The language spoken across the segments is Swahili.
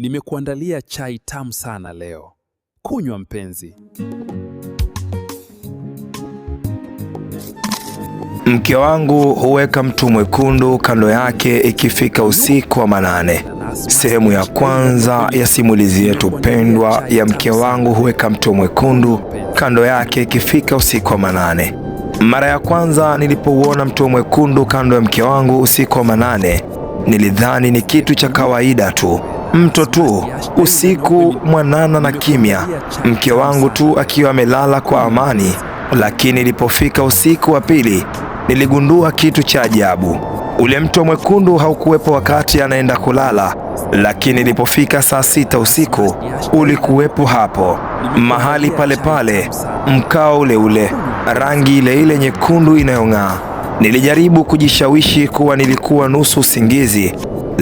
Nimekuandalia chai tamu sana leo. Kunywa mpenzi. Mke wangu huweka mtu mwekundu kando yake ikifika usiku wa manane. Sehemu ya kwanza ya simulizi yetu pendwa ya mke wangu huweka mtu mwekundu kando yake ikifika usiku wa manane. Mara ya kwanza nilipouona mtu mwekundu kando ya mke wangu usiku wa manane, nilidhani ni kitu cha kawaida tu mto tu, usiku mwanana na kimya, mke wangu tu akiwa amelala kwa amani. Lakini ilipofika usiku wa pili, niligundua kitu cha ajabu. Ule mto mwekundu haukuwepo wakati anaenda kulala, lakini ilipofika saa sita usiku ulikuwepo hapo, mahali pale pale, mkao ule ule, rangi ile ile nyekundu inayong'aa. Nilijaribu kujishawishi kuwa nilikuwa nusu usingizi,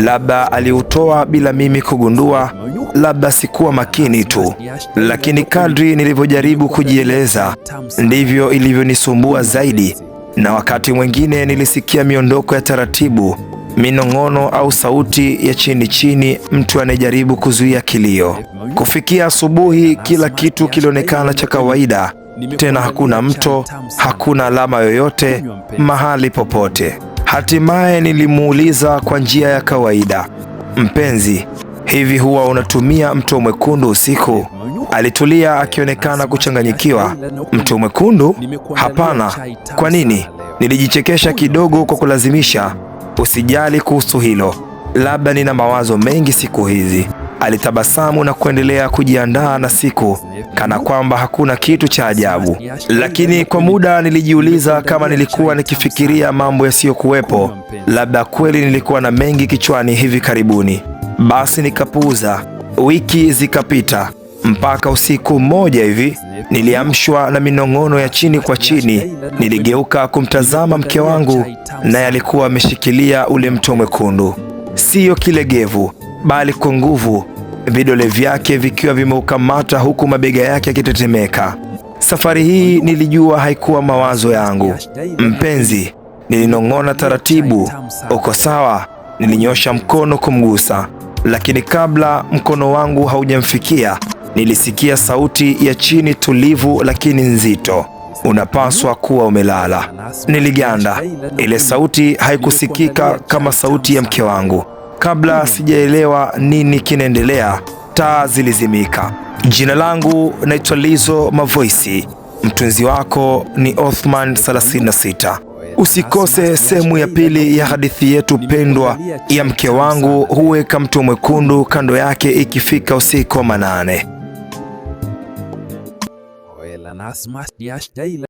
Labda aliutoa bila mimi kugundua, labda sikuwa makini tu, lakini kadri nilivyojaribu kujieleza ndivyo ilivyonisumbua zaidi, na wakati mwingine nilisikia miondoko ya taratibu, minong'ono au sauti ya chini chini, mtu anayejaribu kuzuia kilio. Kufikia asubuhi, kila kitu kilionekana cha kawaida tena, hakuna mto, hakuna alama yoyote mahali popote. Hatimaye nilimuuliza kwa njia ya kawaida, mpenzi, hivi huwa unatumia mto mwekundu usiku? Alitulia akionekana kuchanganyikiwa. Mto mwekundu? Hapana. Kwa nini? Nilijichekesha kidogo kwa kulazimisha. Usijali kuhusu hilo, labda nina mawazo mengi siku hizi. Alitabasamu na kuendelea kujiandaa na siku, kana kwamba hakuna kitu cha ajabu. Lakini kwa muda nilijiuliza kama nilikuwa nikifikiria mambo yasiyokuwepo, labda kweli nilikuwa na mengi kichwani hivi karibuni. Basi nikapuuza. Wiki zikapita mpaka usiku mmoja hivi niliamshwa na minong'ono ya chini kwa chini. Niligeuka kumtazama mke wangu, naye alikuwa ameshikilia ule mto mwekundu, siyo kilegevu, bali kwa nguvu, vidole vyake vikiwa vimeukamata huku mabega yake yakitetemeka. Safari hii nilijua haikuwa mawazo yangu. Mpenzi, nilinong'ona taratibu, uko sawa? Nilinyosha mkono kumgusa, lakini kabla mkono wangu haujamfikia, nilisikia sauti ya chini, tulivu lakini nzito, unapaswa kuwa umelala. Niliganda. Ile sauti haikusikika kama sauti ya mke wangu Kabla mm-hmm. sijaelewa nini kinaendelea, taa zilizimika. Jina langu naitwa Lizo mavoisi mtunzi wako ni Othman 36. Usikose sehemu ya pili ya hadithi yetu pendwa ya mke wangu huweka mto mwekundu kando yake ikifika usiku wa manane.